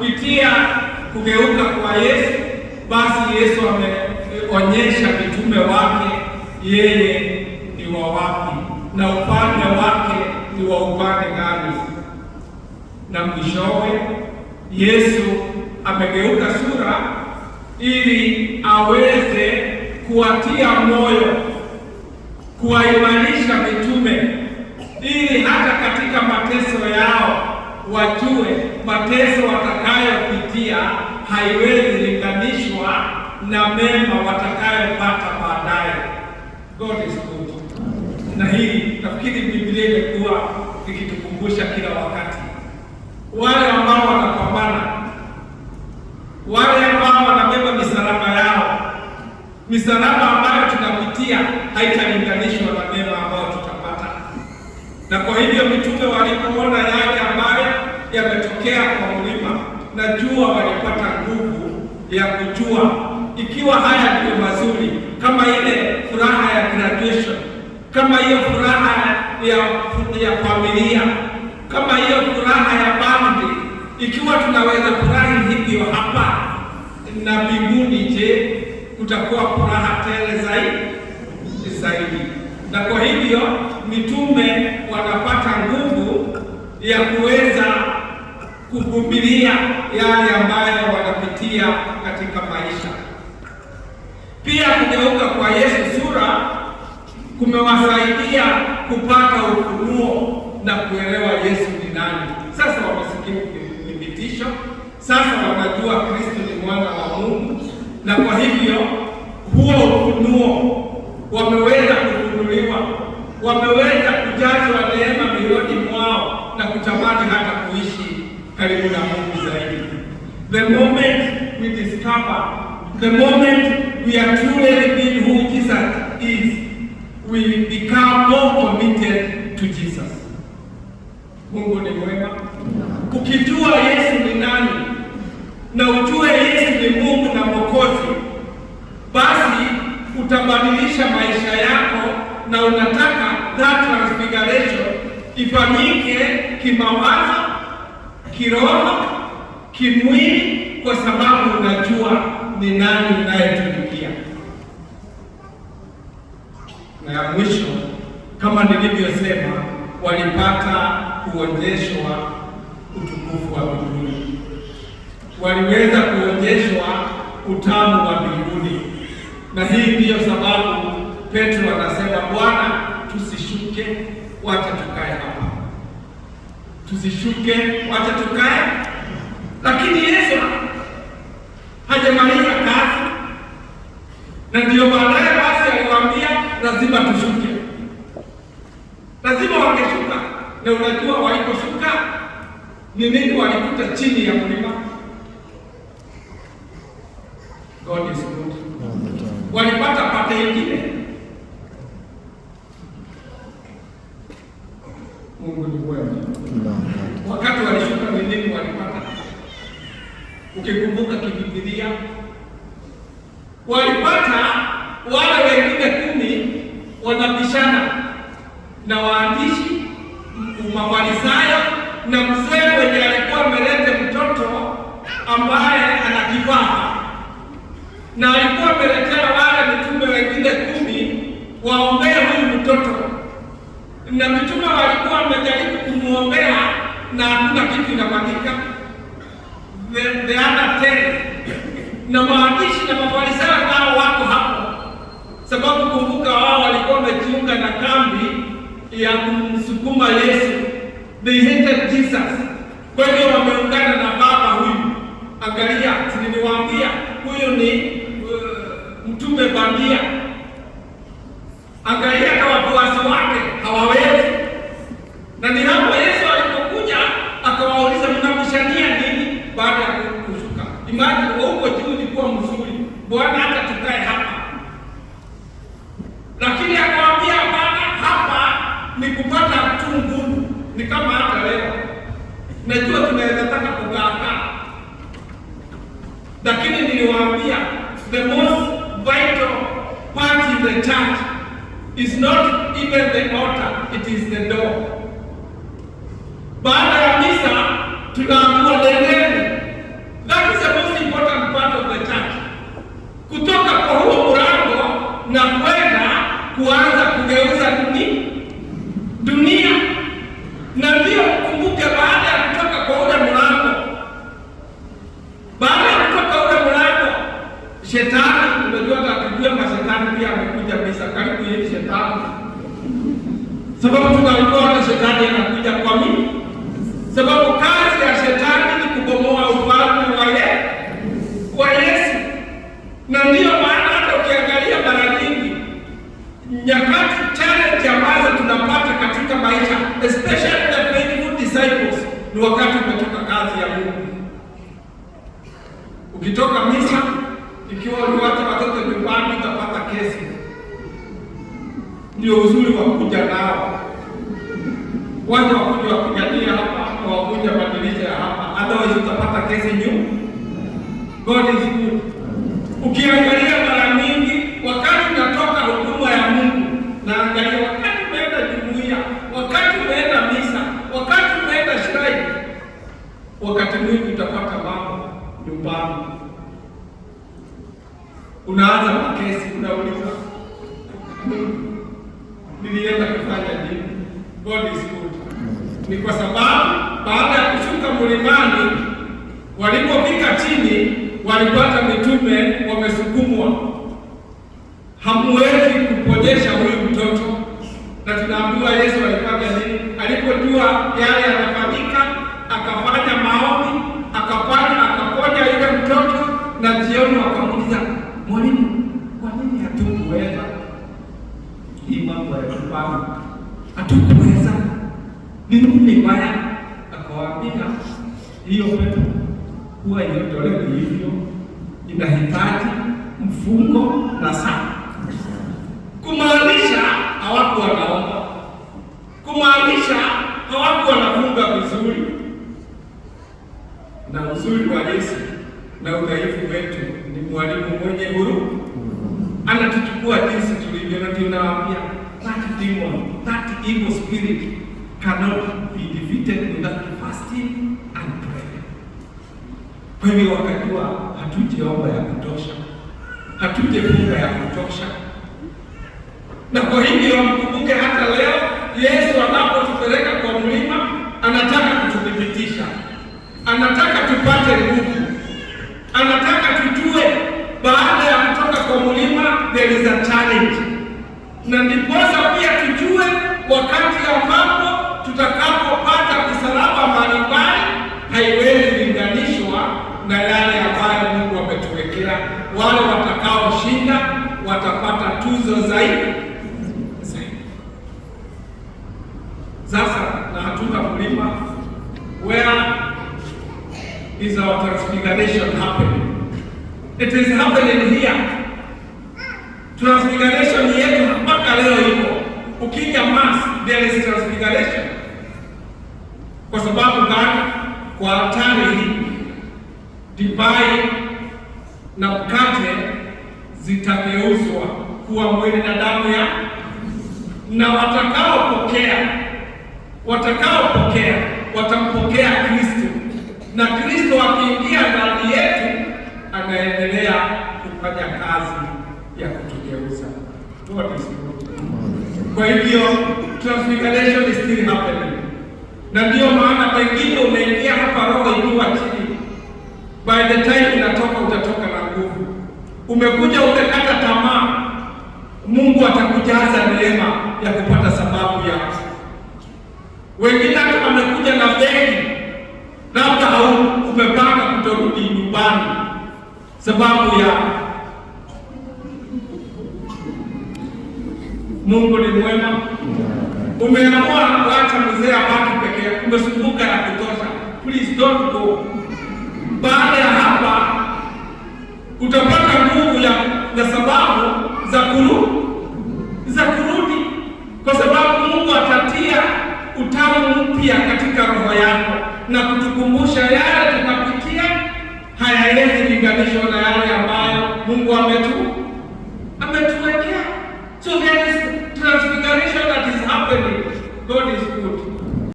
Kupitia kugeuka kwa Yesu, basi Yesu ameonyesha mitume wake yeye ni wa wapi na upande wake ni wa upande gani, na mwishowe Yesu amegeuka sura ili aweze kuwatia moyo, kuwaimarisha mitume ili hata katika mateso yao wajue mateso watakayopitia haiwezi linganishwa na mema watakayopata baadaye. God is good. Na hii nafikiri Biblia imekuwa ikitukumbusha kila wakati, wale ambao wanapambana, wale ambao wanabeba misalaba yao, misalaba ambayo tunapitia haitalinganishwa na mema ambayo tutapata, na kwa hivyo mitume walipoona yao yametokea kwa mlima na jua walipata nguvu ya kujua. Ikiwa haya ndiyo mazuri, kama ile furaha ya graduation, kama hiyo furaha ya ya familia, kama hiyo furaha ya bandi, ikiwa tunaweza furahi hivyo hapa na mbinguni, je, kutakuwa furaha tele zaidi zaidi? Na kwa hivyo mitume wanapata nguvu ya kuweza kuvumilia yale ambayo wanapitia katika maisha. Pia kugeuka kwa Yesu sura kumewasaidia kupata ufunuo na kuelewa Yesu ni nani. Sasa wamesikia uthibitisho, sasa wanajua Kristo ni mwana wa Mungu, na kwa hivyo huo ufunuo wameweza kufunuliwa, wameweza karibu na Mungu zaidi. The moment we discover, the moment we are truly in who Jesus is, we become more committed to Jesus. Mungu ni mwema. Ukijua Yesu ni nani na ujue Yesu ni Mungu na Mwokozi, basi utabadilisha maisha yako na unataka that transfiguration ifanyike kimawazo kiroho, kimwili, kwa sababu unajua ni nani unayetumikia. Na ya mwisho, kama nilivyosema, walipata kuonyeshwa utukufu wa mbinguni, waliweza kuonyeshwa utamu wa mbinguni, na hii ndiyo sababu Petro anasema, Bwana, tusishuke wacha tusishuke, wacha tukae. Lakini Yesu hajamaliza kazi, na ndiyo baadaye basi aliwaambia lazima tushuke, lazima wangeshuka. Na unajua waliposhuka ni nini walikuta chini ya mlima? God is good. Walipata pate ingine Mungu ni wewe. Wakati walishuka mbinguni walipata, ukikumbuka kibibilia walipata wala kitu the other na maandishi na mafarisayo nao wako hapo, sababu kumbuka, wao walikuwa wamejiunga na kambi ya kumsukuma Yesu. They hated Jesus, kwa hivyo wameungana na baba huyu. Angalia, niliwaambia huyu ni uh, mtume bandia. Angalia kupata tu ngumu. Ni kama hata leo najua tunaweza taka kugaagaa, lakini niliwaambia the most vital part in the church is not even the altar, it is the door. Baada ya misa tunaambia Shetani unajua atakujua kwa shetani pia amekuja pesa. Karibu yeye shetani. Sababu tunajua na shetani anakuja kwa mimi. Sababu kazi ya shetani ni kubomoa ufalme wa kwa Yesu. Na ndio maana hata ukiangalia mara nyingi nyakati challenge ambazo tunapata katika maisha especially the faithful disciples ni wakati umetoka kazi ya Mungu. ndio uzuri wa kuja nao, waja wakuja wakujadili hapa, wakuja badilisha hapa, otherwise utapata kesi nyingi. God is good. Ukiangalia mara nyingi, wakati unatoka huduma ya Mungu na angalia, wakati umeenda jumuiya, wakati umeenda misa, wakati umeenda shirai, wakati mwingi utapata mambo nyumbani, unaanza makesi, unauliza nilienda kufanya nini? God is good. Ni kwa sababu baada ya kushuka mlimani, walipofika chini walipata mitume wamesukumwa, hamwezi kupojesha huyu warefuni wangu, hatukuweza. Ni nini mbaya? Akawaambia hiyo pepo huwa inatolewa hivyo, inahitaji mfungo na saa. Kumaanisha hawakuwa wanaomba, kumaanisha hawakuwa nafunga vizuri. Na uzuri wa Yesu na udhaifu wetu ni mwalimu mwenye huruma, anatuchukua jinsi tulivyo na tunawaambia that demon, that evil spirit cannot be defeated without fasting and prayer. Kwa hivyo wakajua hatujaomba ya kutosha, hatujafunga ya kutosha, na kwa hivyo mkumbuke, hata leo Yesu anapotupeleka kwa mlima, anataka kututhibitisha, anataka tupate nguvu watapata tuzo zaidi Sasa na kulima Where is our transfiguration happening? It is happening here. Transfiguration yetu mpaka leo ipo. Ukija mass there is transfiguration, kwa sababu gani? Kwa hatari hii divai na mkate zitageuzwa kuwa mwili na damu ya na watakaopokea watakaopokea watampokea Kristo, na Kristo akiingia ndani yetu anaendelea kufanya kazi ya kutugeuza. Kwa hivyo transfiguration is still happening, na ndiyo maana pengine umeingia hapa roho ikiwa chini, by the time unatoka utatoka na nguvu umekuja umekata tamaa, Mungu atakujaza neema ya kupata sababu ya Wengine wamekuja na begi, labda au umepanga kutorudi nyumbani, sababu ya Mungu ni mwema. Umeamua kuacha mzee abaki peke yake, umesumbuka na kutosha, please don't go. Baada ya hapa utapata upya katika roho yako na kutukumbusha yale tunapitia hayaelezi linganisho na yale ambayo Mungu ametu